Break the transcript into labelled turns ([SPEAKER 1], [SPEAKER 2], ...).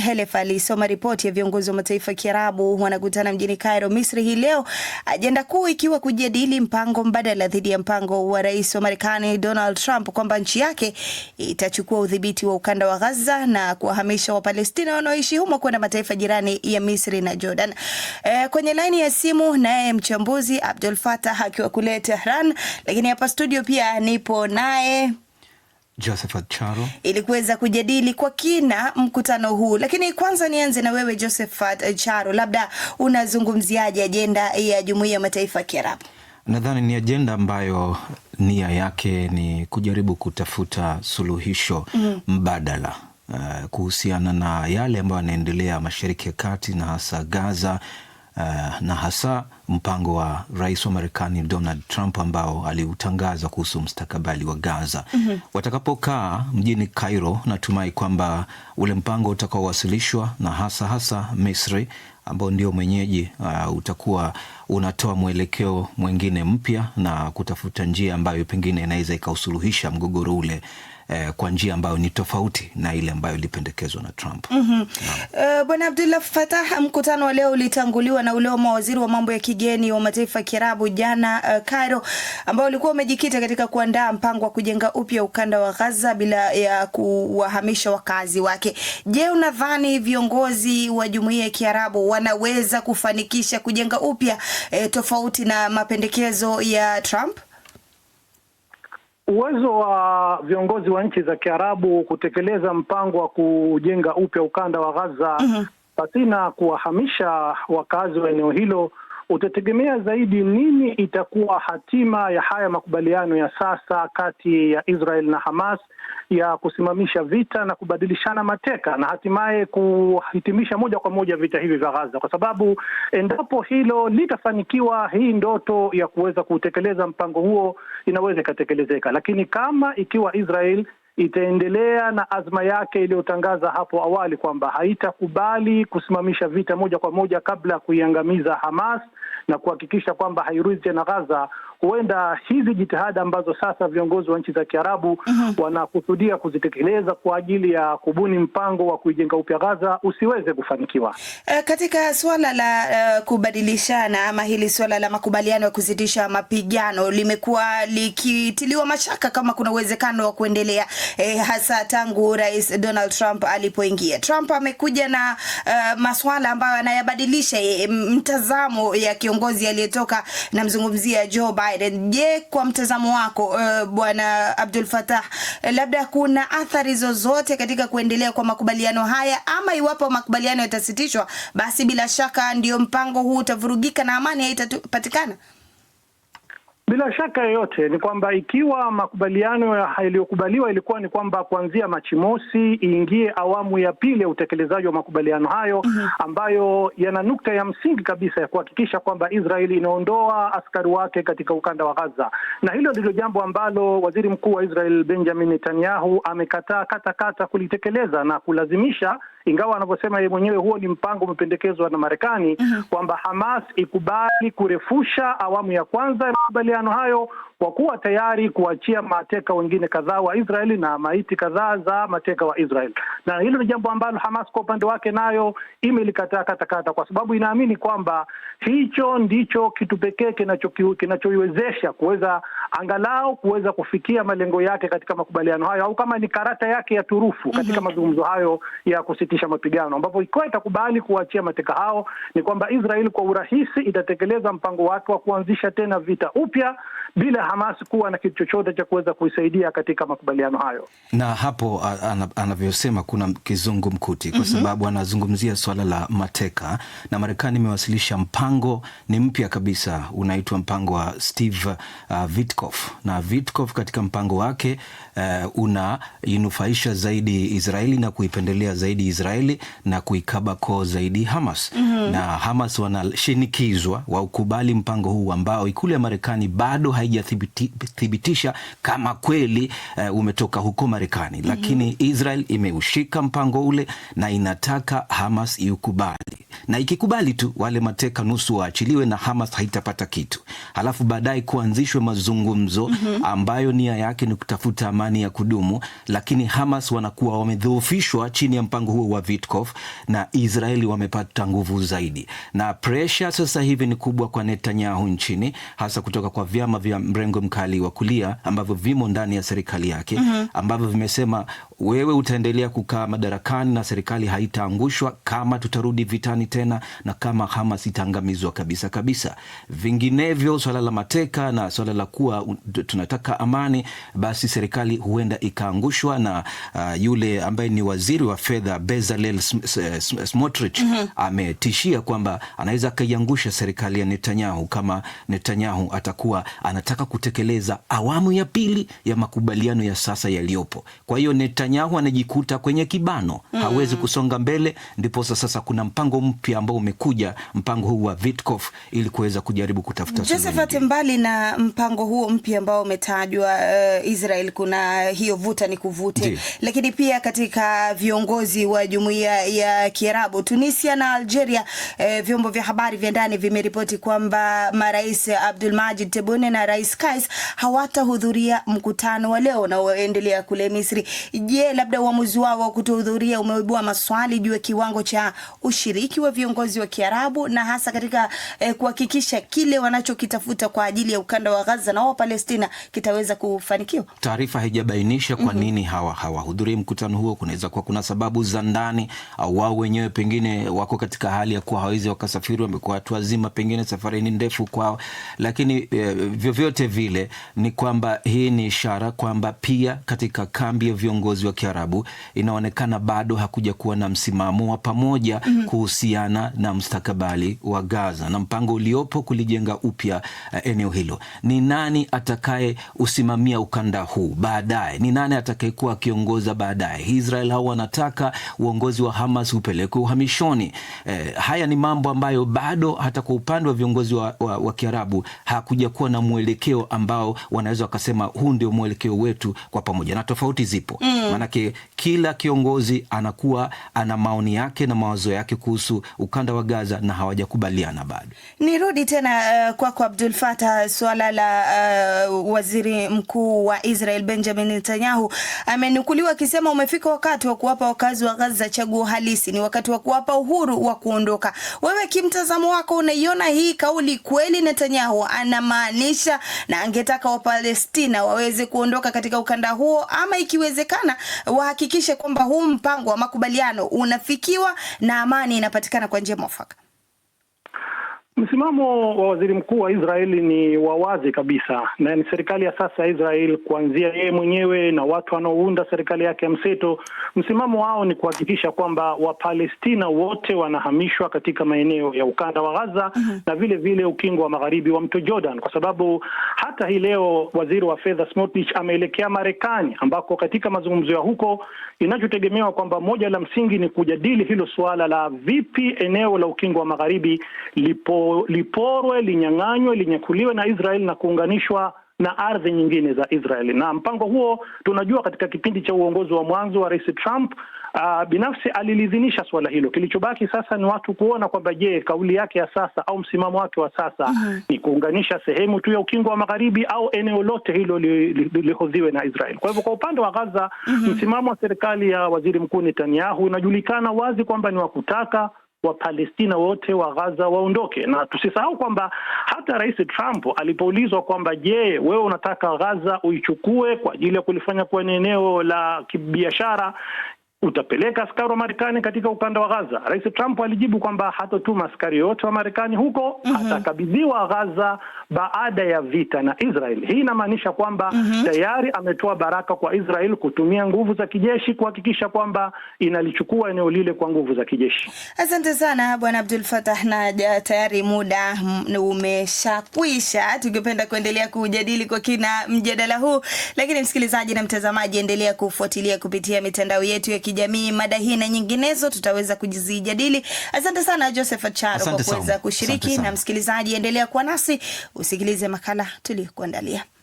[SPEAKER 1] Helef alisoma ripoti ya viongozi wa mataifa ya Kiarabu wanakutana mjini Cairo, Misri hii leo, ajenda kuu ikiwa kujadili mpango mbadala dhidi ya mpango wa rais wa Marekani Donald Trump kwamba nchi yake itachukua udhibiti wa ukanda wa Gaza na kuwahamisha Wapalestina wanaoishi humo kwenda mataifa jirani ya Misri na Jordan. E, kwenye laini ya simu naye mchambuzi Abdul Fatah akiwa kule Tehran, lakini hapa studio pia nipo naye Josephat Charo ili kuweza kujadili kwa kina mkutano huu, lakini kwanza nianze na wewe Josephat Charo, labda unazungumziaje ajenda ya Jumuiya ya Mataifa ya Kiarabu? Nadhani ni ajenda ambayo nia yake ni kujaribu kutafuta suluhisho mm. mbadala uh, kuhusiana na yale ambayo yanaendelea Mashariki ya Kati na hasa Gaza uh, na hasa mpango wa rais wa Marekani Donald Trump ambao aliutangaza kuhusu mstakabali wa Gaza. mm -hmm. Watakapokaa mjini Cairo, natumai kwamba ule mpango utakaowasilishwa na hasa hasa Misri ambao ndio mwenyeji uh, utakuwa unatoa mwelekeo mwingine mpya na kutafuta njia ambayo pengine inaweza ikausuluhisha mgogoro ule eh, kwa njia ambayo ni tofauti na ile ambayo ilipendekezwa na Trump. mm -hmm. Uh, Bwana Abdullah Fatah, mkutano wa leo ulitanguliwa na ule wa mawaziri wa mambo ya kigeni wa mataifa ya Kiarabu jana uh, Cairo, ambao ulikuwa umejikita katika kuandaa mpango wa kujenga upya ukanda wa Gaza bila ya kuwahamisha wakazi wake. Je, unadhani viongozi wa jumuiya ya Kiarabu wanaweza kufanikisha kujenga upya eh, tofauti na mapendekezo ya Trump? Uwezo wa viongozi wa nchi za Kiarabu kutekeleza mpango wa kujenga upya ukanda wa Gaza mm -hmm. pasina kuwahamisha wakazi wa eneo hilo utategemea zaidi nini itakuwa hatima ya haya makubaliano ya sasa kati ya Israel na Hamas ya kusimamisha vita na kubadilishana mateka na hatimaye kuhitimisha moja kwa moja vita hivi vya Gaza, kwa sababu endapo hilo litafanikiwa, hii ndoto ya kuweza kutekeleza mpango huo inaweza ikatekelezeka, lakini kama ikiwa Israel itaendelea na azma yake iliyotangaza hapo awali kwamba haitakubali kusimamisha vita moja kwa moja kabla ya kuiangamiza Hamas na kuhakikisha kwamba hairuzi tena Gaza, huenda hizi jitihada ambazo sasa viongozi wa nchi za Kiarabu uh mhm. -huh. wanakusudia kuzitekeleza kwa ajili ya kubuni mpango wa kuijenga upya Gaza usiweze kufanikiwa. E, katika suala la uh, kubadilishana ama hili suala la makubaliano ya kusitisha mapigano limekuwa likitiliwa mashaka kama kuna uwezekano wa kuendelea e, hasa tangu Rais Donald Trump alipoingia. Trump amekuja na uh, maswala ambayo anayabadilisha e, mtazamo ya kiongozi aliyetoka, namzungumzia Joe Biden Biden. Je, kwa mtazamo wako uh, bwana Abdul fatah eh, labda kuna athari zozote katika kuendelea kwa makubaliano haya, ama iwapo makubaliano yatasitishwa, basi bila shaka ndio mpango huu utavurugika na amani haitapatikana? Bila shaka yoyote ni kwamba ikiwa makubaliano yaliyokubaliwa ilikuwa ni kwamba kuanzia Machi mosi iingie awamu ya pili ya utekelezaji wa makubaliano hayo mm -hmm. ambayo yana nukta ya msingi kabisa ya kuhakikisha kwamba Israel inaondoa askari wake katika ukanda wa Gaza, na hilo ndilo jambo ambalo waziri mkuu wa Israel Benjamin Netanyahu amekataa kata katakata kulitekeleza na kulazimisha ingawa anavyosema yeye mwenyewe huo ni mpango umependekezwa na Marekani mm -hmm. kwamba Hamas ikubali kurefusha awamu ya kwanza ya makubaliano hayo kwa kuwa tayari kuachia mateka wengine kadhaa wa Israeli na maiti kadhaa za mateka wa Israeli, na hilo ni jambo ambalo Hamas kwa upande wake nayo imelikataa katakata, kwa sababu inaamini kwamba hicho ndicho kitu pekee kinachoiwezesha kuweza angalau kuweza kufikia malengo yake katika makubaliano hayo, au kama ni karata yake ya turufu katika mazungumzo hayo ya kusiti kusitisha mapigano, ambapo ikiwa itakubali kuwaachia mateka hao, ni kwamba Israeli kwa urahisi itatekeleza mpango wake wa kuanzisha tena vita upya bila Hamas kuwa na kitu chochote cha kuweza kuisaidia katika makubaliano hayo. Na hapo anavyosema kuna kizungumkuti kwa mm -hmm. sababu anazungumzia swala la mateka, na Marekani imewasilisha mpango, ni mpya kabisa, unaitwa mpango wa Steve uh, Witkoff, na Witkoff katika mpango wake uh, e, unainufaisha zaidi Israeli na kuipendelea zaidi Israeli. Israeli na kuikaba koo zaidi Hamas. mm -hmm. Na Hamas wanashinikizwa waukubali mpango huu ambao ikulu ya Marekani bado haijathibitisha kama kweli uh, umetoka huko Marekani. mm -hmm. Lakini Israel imeushika mpango ule na inataka Hamas iukubali, na ikikubali tu wale mateka nusu waachiliwe na Hamas haitapata kitu, halafu baadaye kuanzishwe mazungumzo mm -hmm. ambayo nia yake ni kutafuta amani ya kudumu, lakini Hamas wanakuwa wamedhoofishwa chini ya mpango huo wa Vitkoff na Israeli wamepata nguvu zaidi, na presha sasa hivi ni kubwa kwa Netanyahu nchini, hasa kutoka kwa vyama vya mrengo mkali wa kulia ambavyo vimo ndani ya serikali yake mhm. ambavyo vimesema wewe utaendelea kukaa madarakani na serikali haitaangushwa kama tutarudi vitani tena na kama Hamas itaangamizwa kabisa kabisa. Vinginevyo, swala la mateka na swala la kuwa tunataka amani, basi serikali huenda ikaangushwa na uh, yule ambaye ni waziri wa fedha Bezalel Smotrich mm -hmm. ametishia kwamba anaweza akaiangusha serikali ya Netanyahu kama Netanyahu atakuwa anataka kutekeleza awamu ya pili ya makubaliano ya sasa yaliyopo. Kwa hiyo Netanyahu Netanyahu anajikuta kwenye kibano mm. hawezi kusonga mbele, ndipo sasa kuna mpango mpya ambao umekuja, mpango huu wa Vitkoff ili kuweza kujaribu kutafuta Josephat. Mbali na mpango huo mpya ambao umetajwa uh, Israel, kuna hiyo vuta ni kuvute Di. lakini pia katika viongozi wa jumuiya ya Kiarabu, Tunisia na Algeria, eh, vyombo vya habari vya ndani vimeripoti kwamba marais Abdulmajid Majid Tebboune na rais Kais hawatahudhuria mkutano wa leo unaoendelea kule Misri. J Je, labda uamuzi wao wa kutohudhuria umeibua maswali juu ya kiwango cha ushiriki wa viongozi wa Kiarabu na hasa katika eh, kuhakikisha kile wanachokitafuta kwa ajili ya ukanda wa Gaza na wa Palestina kitaweza kufanikiwa? Taarifa haijabainisha kwa nini mm -hmm. nini hawa hawahudhurii mkutano huo. Kunaweza kuwa kuna sababu za ndani au wao wenyewe pengine wako katika hali ya kuwa hawawezi wakasafiri, wamekuwa watu wazima, pengine safari ni ndefu kwao, lakini eh, vyovyote vile ni kwamba hii ni ishara kwamba pia katika kambi ya viongozi wa Kiarabu inaonekana bado hakuja kuwa na msimamo wa pamoja mm -hmm. kuhusiana na mustakabali wa Gaza na mpango uliopo kulijenga upya uh, eneo hilo. Ni nani atakaye usimamia ukanda huu baadaye? Ni nani atakayekuwa akiongoza baadaye? Israel hao wanataka uongozi wa Hamas upelekwe uhamishoni. Eh, haya ni mambo ambayo bado hata kwa upande wa viongozi wa, wa, wa Kiarabu hakuja kuwa na mwelekeo ambao wanaweza wakasema huu ndio mwelekeo wetu kwa pamoja, na tofauti zipo mm. Maanake kila kiongozi anakuwa ana maoni yake na mawazo yake kuhusu ukanda wa Gaza na hawajakubaliana bado. Nirudi tena uh, kwako kwa Abdul Fatah, suala la uh, waziri mkuu wa Israel Benjamin Netanyahu amenukuliwa akisema umefika wakati wa kuwapa wakazi wa Gaza chaguo halisi, ni wakati wa kuwapa uhuru wa kuondoka. Wewe kimtazamo wako unaiona hii kauli kweli Netanyahu anamaanisha na angetaka Wapalestina waweze kuondoka katika ukanda huo, ama ikiwezekana wahakikishe kwamba huu mpango wa makubaliano unafikiwa na amani inapatikana kwa njia mwafaka. Msimamo wa waziri mkuu wa Israeli ni wa wazi kabisa, na ni serikali ya sasa ya Israel kuanzia yeye mwenyewe na watu wanaounda serikali yake ya mseto. Msimamo wao ni kuhakikisha kwamba Wapalestina wote wanahamishwa katika maeneo ya ukanda wa Gaza uh mhm. -huh. na vile vile ukingo wa magharibi wa mto Jordan, kwa sababu hata hii leo waziri wa fedha Smotrich ameelekea Marekani, ambako katika mazungumzo ya huko inachotegemewa kwamba moja la msingi ni kujadili hilo suala la vipi eneo la ukingo wa magharibi lipo liporwe, linyang'anywe, linyakuliwe na Israel na kuunganishwa na ardhi nyingine za Israel. Na mpango huo tunajua, katika kipindi cha uongozi wa mwanzo wa Rais Trump Uh, binafsi alilidhinisha suala hilo. Kilichobaki sasa ni watu kuona kwamba je, kauli yake ya sasa au msimamo wake wa sasa mm -hmm. ni kuunganisha sehemu tu ya ukingo wa magharibi au eneo lote hilo lihodhiwe li, li, na Israel. Kwa hivyo kwa upande wa Gaza mm -hmm. msimamo wa serikali ya Waziri Mkuu Netanyahu unajulikana wazi kwamba ni wa kutaka Wapalestina wote wa Gaza waondoke. Na tusisahau kwamba hata Rais Trump alipoulizwa kwamba je, wewe unataka Gaza uichukue kwa ajili ya kulifanya kuwa ni eneo la kibiashara, utapeleka askari wa Marekani katika ukanda wa Gaza? Rais Trump alijibu kwamba hatotuma askari yoyote wa Marekani huko mm -hmm. atakabidhiwa Gaza baada ya vita na Israel. Hii inamaanisha kwamba mm -hmm. tayari ametoa baraka kwa Israel kutumia nguvu za kijeshi kuhakikisha kwamba inalichukua eneo lile kwa nguvu za kijeshi. Asante sana Bwana Abdul Fatah, na tayari muda umeshakwisha, tungependa kuendelea kujadili kwa kina mjadala huu, lakini msikilizaji na mtazamaji, endelea kufuatilia kupitia mitandao yetu ya kijamii, mada hii na nyinginezo tutaweza kujizijadili. Asante sana Joseph Acharo kwa kuweza kushiriki, na msikilizaji, endelea kuwa nasi usikilize makala tuliyokuandalia.